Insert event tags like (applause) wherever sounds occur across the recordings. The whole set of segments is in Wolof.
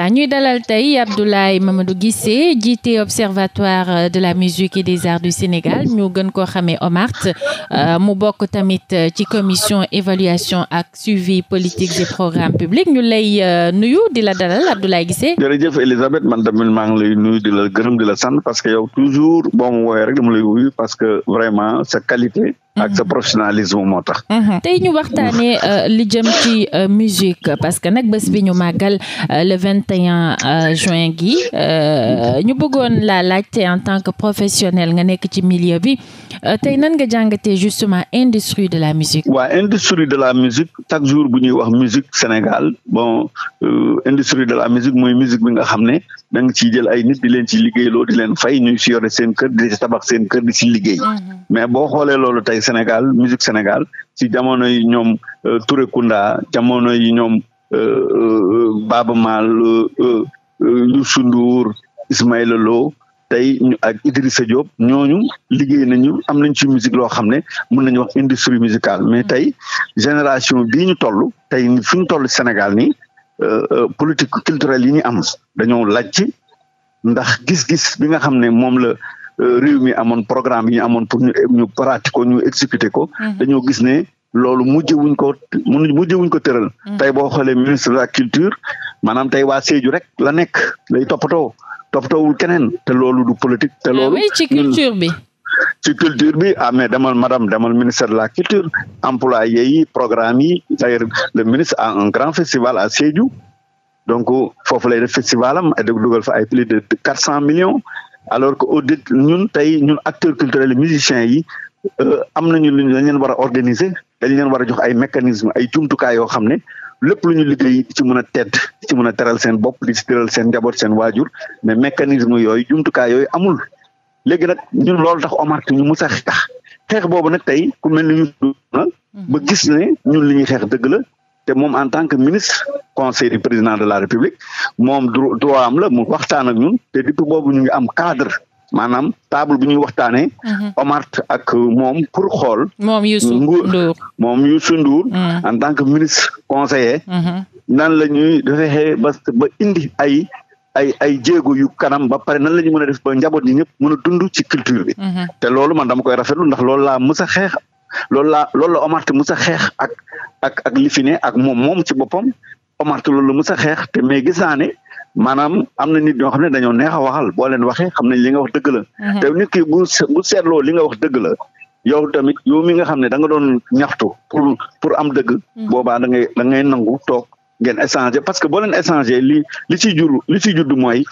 dañuy dalal tey Abdoulaye Mamadou gise jiite observatoire euh, de la musique et des arts du Sénégal ñu gën koo xamee OMART euh, mu bokk tamit euh, ci commission évaluation ak suivi politique des programmes publics nu lay nuyu di la dalal Abdoulaye Guissé. jërëjëf Elisabeth man tamit maa ngi lay nuyu di la gërëm di la sant parce que yow toujours boo ma woowee rek dama lay wuyu parce que vraiment sa qualité. ak sa professionnalisme moo tax. Mhm. tey ñu waxtaanee euh, li jëm ci euh, musique parce que nag bés bi ñu màggal euh, le vingt et un juin gi ñu bëggoon laa laajte en tant que professionnel nga nekk ci milieu bi tey nan nga jàngatee justement industrie de la musique. waaw industrie de la musique chaque jour bu ñuy wax musique Sénégal bon industrie de la musique mooy musique bi nga xam ne. da nga ciy jël ay nit di leen ci liggéeyloo di leen fay ñu si yore seen kër di si tabax seen kër di si liggéey. Mm-hmm. mais boo xoolee loolu tey Sénégal musique Sénégal si jamono yi ñoom euh, Touré Kunda jamono yi ñoom euh, euh, Baaba Maal Youssou Ndour Ismaïla Lo tey ak Idrissa Diop ñooñu liggéey nañu am nañ ci musique loo xam ne mën nañu wax industrie musicale mais mm-hmm. tey génération bii ñu toll tey fi ñu toll Sénégal nii Euh, euh, politique culturelle yi ñu am dañoo laaj ci ndax gis-gis bi nga xam ne moom la euh, réew mi amoon programme yi ñu amoon pour ñu ñu pratiquer ko ñu exécuter ko. Mm-hmm. dañoo gis ne loolu mujjewuñ ko ko tëral. Mm-hmm. tey boo xoolee ministre de la culture maanaam tey waa Sédhiou rek la nekk lay toppatoo toppatoowul keneen te loolu du politique. te loolu ci culture bi. ci culture bi ah mais demal madame demal ministère de la culture employé yi programme yi d'ailleurs le ministre a un grand festival à Sédhiou donc euh, foofu lay def festival am et dugal fa ay plus de quatre cent millions alors que au dit ñun tey ñun acteurs culturels musiciens yi euh, am nañu luñ dañ leen war a organiser dañ leen war a jox ay mécanismes ay jumtukaay yoo xam ne lépp lu ñu liggéey ci mën a tedd ci mën a teral seen bopp di ci teral seen njaboot seen waajur mais mécanisme yooyu jumtukaay yooyu amul léegi nag ñun loolu tax Omar ñu mus a tax xeex boobu na tey ku mel ni ñu na ba mhm. gis ne ñun li ñuy xeex dëgg la te moom en tant que ministre conseil du président de la république moom droit am la mu waxtaan ak ñun te depuis boobu ñu ngi am cadre maanaam table bu ñuy waxtaanee. Mhm. Omar ak moom pour xool. moom Youssou Ndour moom Youssou Ndour. Mhm. en tant que ministre conseiller. nan la ñuy defee ba ba indi ay ay ay jéego yu kanam ba pare nan la ñu mën a def ba njaboot yi ñëpp mën a dund ci culture mhm. te loolu man dama koy rafetlu ndax loolu laa mës a xeex loolu laa loolu la Omar Ty mës xeex ak ak ak li fi ne ak moom moom ci boppam Omar Ty loolu la mës xeex te mais gis naa ne maanaam am na nit ñoo xam ne dañoo neex a waxal boo leen waxee xam nañ li nga wax dëgg la. Mhm. te nit ki bu li nga wax dëgg la. yow tamit yow mi nga xam ne da doon ñaxtu pour pour am dëgg. Mhm. boobaa da ngay da ngay nangu toog ngeen échanger parce que boo leen li li ciy jur li ciy judd mooy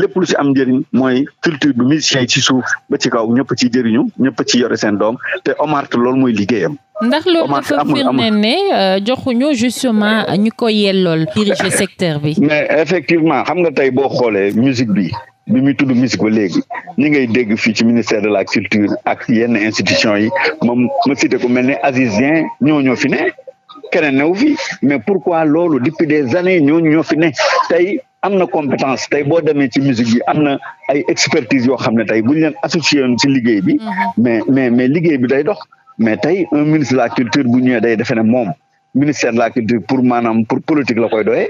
lépp lu ci am njëriñ mooy culture bi musicien ci suuf ba ci kaw ñëpp ci jëriñu ñëpp ci yore seen doom te Omart loolu mooy liggéeyam. ndax loolu dafa firnde ne euh, joxuñu justement ñu ko yellool diriger secteur bi. (laughs) mais effectivement xam nga tey boo xoolee musique bi. bi muy tudd musique ba léegi ñu ngay dégg fii ci ministère de la culture ak yenn institution yi moom ma cité ko mel ne Aziz Dieng ñoo ñoo fi keneen newu fi mais pourquoi loolu depuis des années ñooñu ñoo fi ne tey am na compétence tey boo demee ci musique bi am na ay expertise yoo xam ne tey bu ñu leen associé ci liggéey bi mhm. mais mais mais liggéey bi day dox mais tey un ministre la culture bu ñëwee day defe ne moom ministère la culture pour maanaam pour politique la koy doyee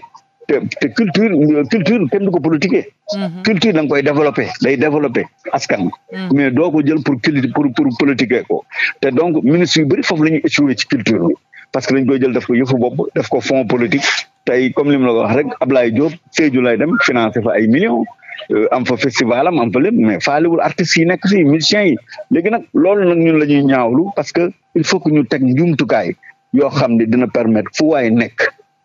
te culture culture kenn du ko politiquer mhm. culture da koy développer day développer askan mhm. mais doo ko jël pour pour pour politiquer ko te donc ministre yu bëri foofu la ci culture parce que dañ koy jël def ko yëfu bopp def ko fonds politique tey comme li mu la ko wax rek Ablaye Diop Sédhiou lay dem financé fa ay millions euh, am fo festival am am fa lépp mais faaliwul artistes yi nekk si musiciens yi léegi nag loolu nag ñun la ñuy ñaawlu parce que il faut que ñu teg jumtukaay yoo xam ne dina permettre fu waay nekk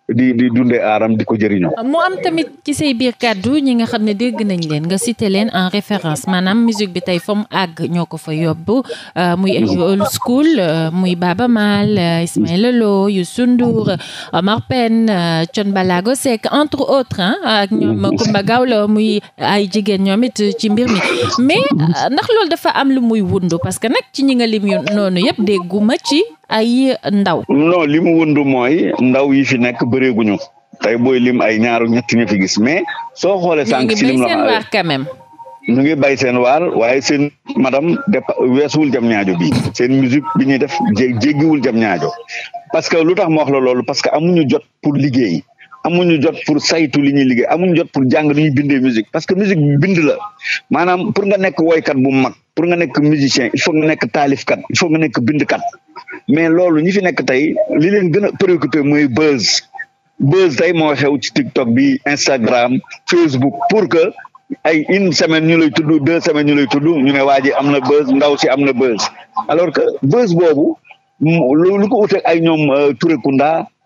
di di dundee aaram di ko jëriñoo. Ah, mu am tamit ci say biir kàddu ñi nga xam ne dégg nañu leen nga cité leen en référence maanaam musique bi tey fa àgg ñoo ko fa yóbbu euh, muy mm-hmm. old school euh, muy Baaba Maal euh, Ismaël mm-hmm. Lô Youssou Ndour Omar Pène Thione Ballago ak ñoom mm-hmm. muy ay jigéen ñoom it ci mbir mi mais ndax loolu dafa am lu muy wundu parce que nag ci ñi nga lim yu noonu yëpp dégguma ci ay ndaw. non li mu wënd mooy ndaw yi fi nekk bëreeguñu tey booy lim ay ñaaru ñett nga fi gis mais. soo xoolee sànq ci lim la quand même. ñu ngi bay seen waar waaye seen madame de weesuwul jam ñaajo bi seen musique bi ñuy def jéggiwul jam ñaajo parce que lu tax ma wax la loolu parce que amuñu jot pour liggéey amuñu jot pour saytu li ñuy liggéey amuñu jot pour jàng li ñuy bindee musique parce que musique bind la maanaam pour nga nekk woykat bu mag pour nga nekk musicien il faut nga nekk taalifkat il faut nga nekk bindkat mais loolu ñi fi nekk tey li leen gën a préoccupé mooy buzz buzz tey moo xew ci TikTok bi Instagram Facebook pour que ay une semaine ñu lay tudd deux semaines ñu lay tudd ñu ne waa ji am na buzz ndaw si am na buzz alors que buzz boobu lu ko uteeg ay ñoom euh, Touré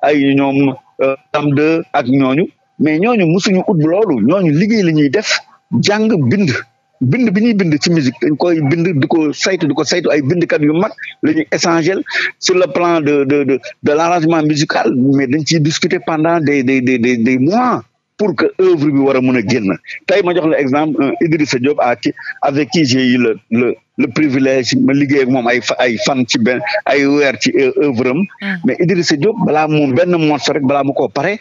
ay ñoom euh, Dame 2 ak ñooñu mais ñooñu musuñu ut loolu ñooñu liggéey la ñuy def jàng bind bind bi ñuy bind ci musique dañ koy bind du ko saytu du ko saytu ay bindkat yu mag la ñu essentiel sur le plan de de de de l'arrangement musical mais dañ ciy discuter pendant des des des des des mois pour que œuvre bi war a mën a génn tey ma jox la exemple un euh, Idrissa Diop à avec qui j'ai eu le le le privilège ma liggéey ak moom ay ay fan ci benn ay weer ci euh, œuvre am ah. mais Idrissa Diop balaa moom benn morceau rek balaa mu koo pare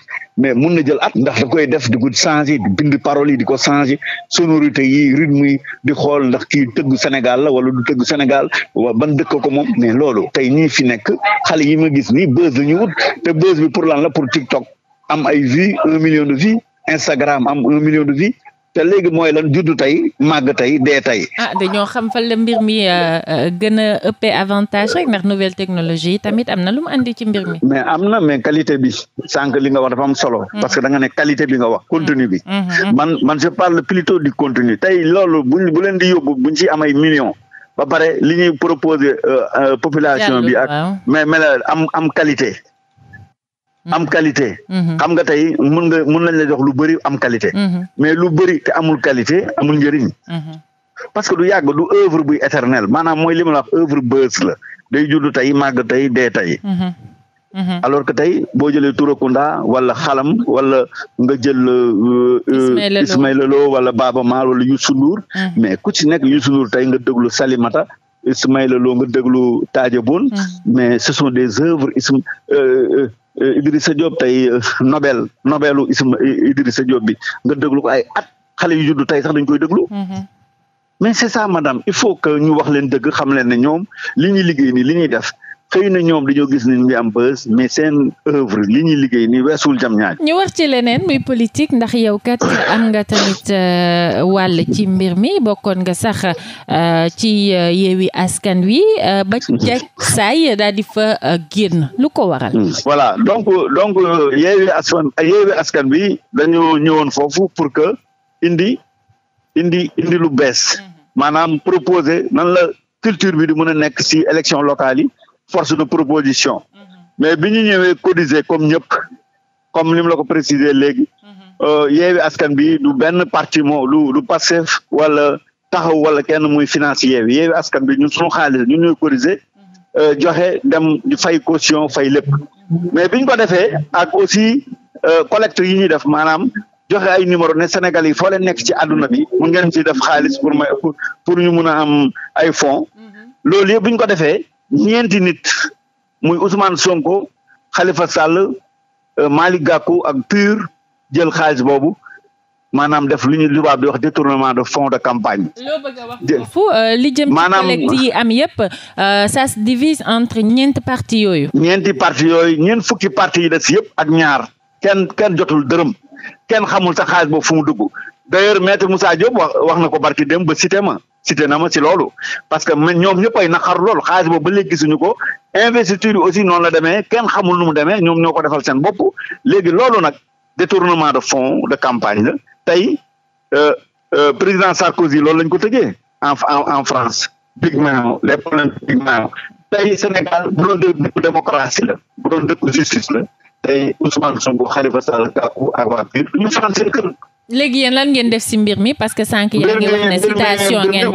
mais mun na jël at ndax da koy def di ko changé di bind paroles yi di ko changé sonorité yi rythme yi di xool ndax kii tëgg Sénégal la wala du tëgg Sénégal wa ban dëkk ko moom mais loolu tey ñii fi nekk xale yi ma gis nii buzz la ñu wut te buzz bi pour lan la pour TikTok am ay Instagram am un million de vues te léegi mooy lan juddu tey màgg tey dee tey. ah dañoo xam fan la mbir mi euh, euh, gën a ëppee avantage rek ndax nouvelle technologie tamit am na lu mu andi ci mbir mi. mais am na mais qualité bi sànq li nga wax dafa am solo. Mm-hmm. parce que da nga ne qualité bi nga wax contenu bi. Mm-hmm. man man je parle plutôt du contenu tey loolu buñ bu leen di yóbbu buñ ci am ay ba pare li ñuy proposer euh, population bi ak mais mais am am qualité am mhm. qualité. Mhm. xam nga tey mun nga mun nañ la jox lu bëri am qualité. Mhm. mais lu bëri te amul qualité amul njëriñ. parce que du yàgg du œuvre buy éternel maanaam mooy li ma la wax œuvre bës la day judd tey màgg tey dee tey. alors que tey boo jëlee Turakunda wala xalam wala nga jël. Euh, euh, Ismaïla Lo wala Baaba Maal wala Youssou Ndour. mais ku ci nekk Youssou Ndour tey nga déglu Salimata Ismaïla nga déglu Tadja mais ce sont des œuvres ism euh, Eh, Idrissa Diop tey eh, Nobel Nobelu isma Idrissa Diop bi nga déglu ko ay at xale yu juddu tey sax dañ koy déglu. Mm-hmm. mais c'est ça madame il faut que ñu wax le dëgg xam le ne ñoom li ñuy liggéey nii li ñuy def xëy na ñoom dañoo gis ne ñu ngi am bës mais seen œuvre li ñuy liggéey ni weesul jam ñaaj ñu wax ci leneen muy politique ndax yow kat am nga tamit euh, wàll ci mbir mi bokkoon nga sax euh, ci euh, yeewi askan wi ba jag (laughs) saay daal di fa génn lu ko waral hmm. voilà donc donc yeewi askan yeewi askan bi dañoo ñëwoon foofu pour que indi indi indi lu bees hmm. maanaam proposé nan la culture bi di mën a nekk ci élection locale yi force de proposition mm-hmm. mais bi ñu ñëwee cotiser comme ñëpp comme nim la ko préciser léegi mm-hmm. euh, yeewi askan bi du benn parti moo lu lu Pastef wala taxaw wala kenn muy financier yeewi yeewi askan bi ñu suñu xaalis ñu ñuy cotiser mm-hmm. euh, joxe dem fay caution fay lépp mais biñ ko defee ak aussi euh, collecte yi ñuy def maanaam joxe ay numéro ne Sénégal yi foo leen nekk ci àdduna bi mun ngeen ci def xaalis pour pour ñu mun a am ay fonds loolu yëpp buñ ko defee ñeenti nit muy Ousmane Sonko xalifa Sall euh, Malick Gakou ak Pur jël xaalis boobu maanaam def lu ñu lubaab di wax détournement de fonds de campagne. loo bëgg a wax foofu euh, li jëm am yëpp euh, ça se divise entre ñeenti parti yooyu. ñeenti parti yooyu ñeent fukki parti yi des yëpp ak ñaar kenn kenn jotul dërëm kenn xamul sa xaalis boobu fu mu dugg d'ailleurs maître Moussa Diop wax wax na ko barki dem ba cité ma cité na ma si loolu parce que ñoom ñëpp ay naqar lool xaalis boobu ba léegi gisuñu ko investiture yi aussi noonu la demee kenn xamul nu mu demee ñoom ñoo ko defal seen bopp léegi loolu nag détournement de fonds de campagne la tey euh, euh, président Sarkozy loolu lañ ko tëjee en en France pigment les problèmes pigment tey Sénégal bu doon dëkku démocratie la bu doon dëkku justice la tey Ousmane Sonko Khalifa Sall Gakou ak waa PUR ñu fanaan seen kër léegi yéen lan ngeen def si mbir mi parce que sànq yaa ngi wax ne citation ngeen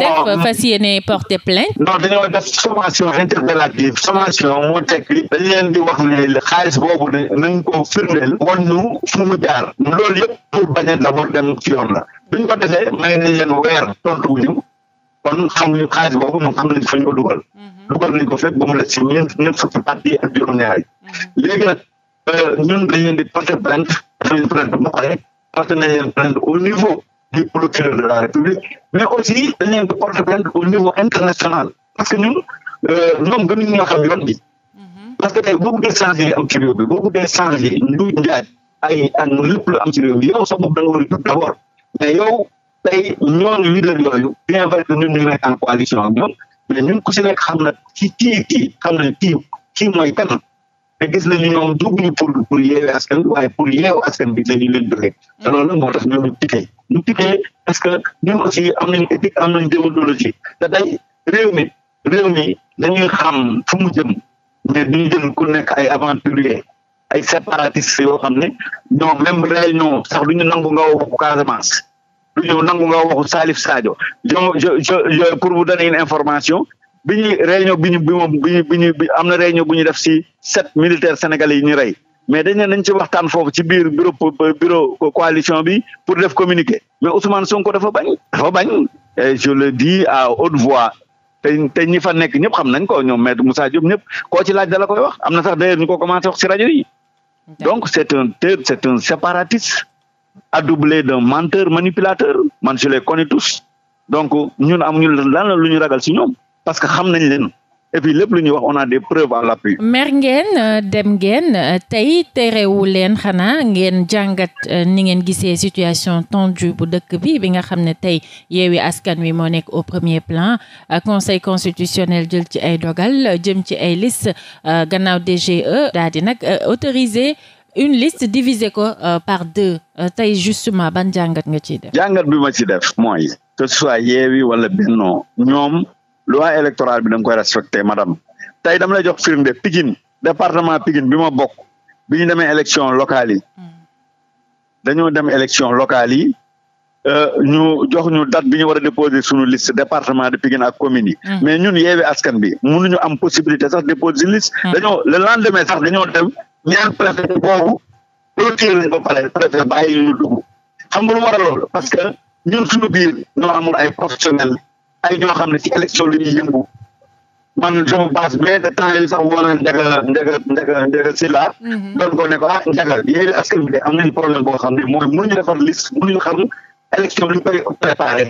interpellative sommation moo tekki dañ leen di wax ne xaalis boobu nañ ko firndeel wan ñu fu mu jaar loolu yëpp pour bañ a d'abord dem ci la buñ ko defee may nañ leen weer tontu wu kon xamuñu xaalis boobu ñun xam nañ fa ñu ko dugal mhm. dugal nañ ko fekk ba mu des si ñeent ñeent fukki parti ak juróom-ñaar mhm. léegi nag euh, ñun dañ leen di porter plainte dañ leen plainte ba pare partenaires plainte au niveau du procureur de la République mais aussi dañ leen di porter plainte au niveau international parce que ñun ñoom gënuñ ñoo xam yoon bi parce que tey boo de changé am ci réew bi boo bëggee changé ndu njaaj ay ak lépp lu am ci réew bi yow sa bopp da nga war a mais yow tey ñooñu leader yooyu bien vrai que ñun ñu nekk en coalition mais ñun ku si nekk xam na ci kii kii xam na kii kii mooy kan te gis nañu ñoom dugguñu pour pour yeewu askan bi waaye pour yeewu askan bi dañu leen joxe te loolu nag moo tax ñoom ñu tikkee parce que ñun aussi am nañu éthique am nañu déontologie te day réew mi réew mi dañuy xam fu mu jëm mais duñu jël ku nekk ay aventurier ay séparatistes yoo xam ne ñoom même réunion sax duñu nangu nga waxu Casamance duñu nangu nga waxu Salif Sadio je je je pour vous donner information bi ñuy réunion bi ñu bi moom bi bi am na réunion bu ñu def si sept militaire sénégalais yi ñu rey mais dañ ne nañ ci waxtaan foofu ci biir bureau bureau coalition bi pour def communiqué mais Ousmane Sonko dafa bañ dafa bañ et je le dis à haute voix te te ñi fa nekk ñëpp xam nañ ko ñoom maître Moussa Diop ñëpp koo ci laaj dala koy wax am na sax d'ailleurs ñu ko commencé wax si rajo yi donc c'est un c'est un séparatiste addoublé d'un menteur manipulateur man je les connais tous donc ñun amuñu lan la lu ñu ragal si ñoom parce que xam nañ leen et puis lépp lu ñuy wax on a des preuves à l'appui. mer ngeen euh, dem ngeen euh, tey terewu leen xanaa ngeen jàngat euh, ni ngeen gisee situation tendue bu dëkk bi bi nga xam ne tey yeewi askan wi moo nekk au premier plan conseil constitutionnel jël ci ay dogal jëm ci ay liste gannaaw DGE daal di nag autoriser une liste divisée ko par deux tey justement ban jàngat nga ciy def. jàngat bi ma ci def mooy. que ce soit yeewi wala bennoo ñoom loi électorale bi da nga koy respecté madame tey dama lay jox firnde Pikine département Pikine bi bokk bi ñu demee élection locale yi hmm. dañoo dem élection locale yi euh, ñu jox ñu date bi ñu war a déposer suñu liste département de Pikine ak commune yi. Hmm. mais ñun yeewee askan bi mënuñu am possibilité sax déposer liste. Hmm. dañoo le lendemain sax dañoo dem ñaan préfet boobu clôture lañ ba pare préfet bàyyi xam nga lu war a loolu parce que ñun suñu biir ñoo amul ay professionnels. ay ñoo xam ne ci élection la ñuy yëngu man sama base mais de temps yi sax woo na Ndiaga Ndiaga Ndiaga Ndiaga Sylla mhm. ko ne ko ah Ndiaga yéen askan bi de am nañu problème boo xam ne mooy mënuñu defar liste mënuñu xam élection bi koy préparé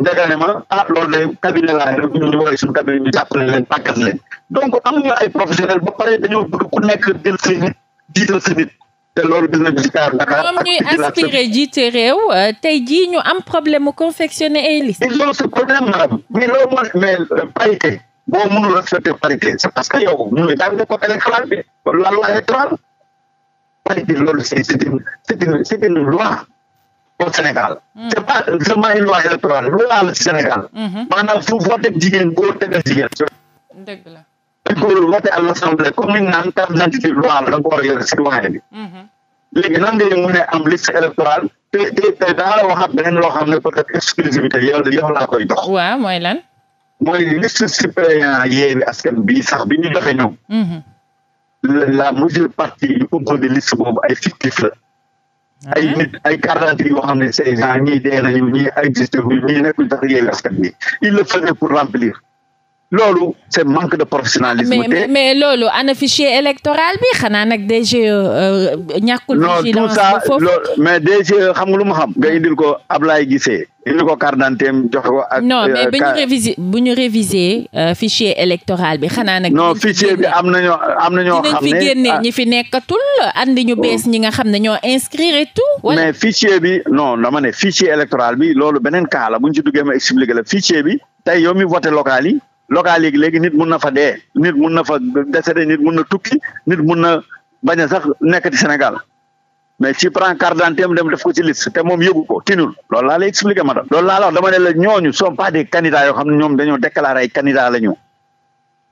Ndiaga ne ma ah loolu day cabinet laa rek ñu ñu woowee leen pàccat leen donc am nañu ay professionnels ba pare dañoo bëgg ku nekk jël sa nit jiital te loolu dina gis kaar Dakar. ñoom ñuy aspiré jiite réew euh, tey jii ñu am problème mu confectionner ay liste. ils ont ce problème madame mais loolu mooy mais euh, parité boo mënul respecter parité c'est parce que yow ñu ngi daal di ko électoral la loi électorale parité loi au Sénégal. Mm. c'est pas seulement loi électorale loi la Sénégal. Mm-hmm. maanaam fu voté jigéen góor te jigéen. dëgg la. góorlu voté à l'assemblée a ni ñu naan carte d'identité loi la da nga ko war a yore citoyen bi mm-hmm. léegi nan ngay a am liste électorale te te te daa la waxaat beneen loo xam ne peut être exclusivité yow yow laa koy dox waaw mooy lan mooy liste suppléant Yewwi Askan sax bi ñu joxe ñoom mm-hmm. la mesure partie yu composé liste boobu ay fictif la ay nit ay quarante yoo xam ne ces gens ñii dee nañu ñii existé wuñu ñii nekkul tax Yewwi il le faisait pour remplir loolu c' manque de professionnalisme. mais mais, mais loolu ana fichier électoral bi xanaa nag DGE euh, ñàkkul. vigilance ba foofu non tout ça mais DGE euh, xam nga lu ma xam. nga indil ko Ablaye Guissé. indil ko carte d'identité joxe ko ak. non euh, mais bu ñu révisé fichier électoral bi xanaa nag. non fichier bi am na ñoo am na xam ne dinañ fi génne ah. ñi fi nekkatul andi ñu oh. ñi nga xam ne ñoo inscrire et tout. wala mais fichier bi non dama ne fichier électoral bi loolu beneen cas bu ñu ci duggee ma expliqué la fichier bi tey yow mi voté local yi. local yi léegi nit mun na fa dee nit mun na fa décédé nit mun na tukki nit mun na bañ a sax nekk ci Sénégal mais ci prend carte d'identité dem def ko ci liste te moom yëgu ko tinul loolu laa lay expliqué madame loolu laa la wax dama ne la ñooñu sont pas des candidats xam ñoom dañoo déclaré ay candidats la ñu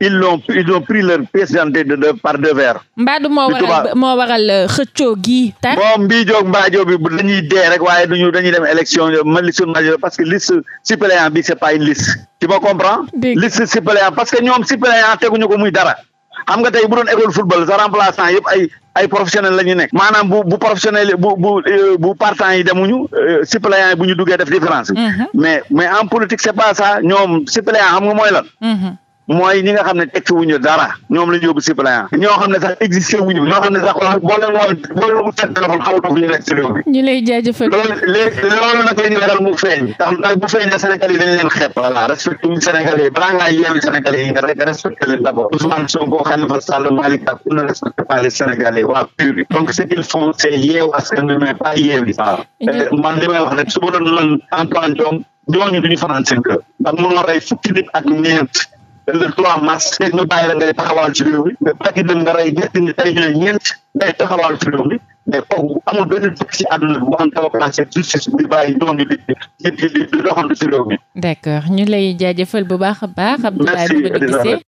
ils l'ont ils ont pris leur patienté de deux par deux verres. moo waral moo euh, gi. moom Mbijog Mbadio bi dañuy dee rek waaye dañuy dem élection ma liste majoritaire parce que liste suppléant bi c'est pas une liste. tu me comprends. liste suppléant parce que ñoom suppléant teguñu ko muy dara. xam nga tey bu doon école football sa remplaçant yëpp ay professionnel la nekk. maanaam bu professionnel bu bu euh, bu partant yi demuñu euh, yi bu duggee def différence mhm. mais mais en politique mooy ñi nga xam ne tekki wuñu dara ñoom la ñu yóbbu suppléant ñoo xam ne sax existé wuñu ñoo xam ne sax boo leen woon boo leen wutal bu feeñee Sénégal yi dañ leen xeeb voilà respecté wuñu Sénégal yi balaa ngaa yeewi Sénégal nga rek respecté leen d'abord Ousmane Sonko Khalifa Sall Malick Gakou ku ne respecté pas waa pur donc ce qu'ils font c'est yeew askan bi mais yeewi waaw ah. man li wax rek su ma doon man Antoine Diome ñooñu duñu fanaan seen kër ndax le mars tey ñu bàyyi la ngay taxawal ci réew mi mais pàcc dem nga rey ñetti nit tey ñooy ñeent ngay taxawal ci réew mi mais kooku amul benn dëkk ci àdduna bi boo xam démocratie ak justice bi bàyyi ñooñu di di di di doxantu ci réew mi. d'accord ñu lay jaajëfal bu baax a baax. Abdoulaye Coulibaly Guissé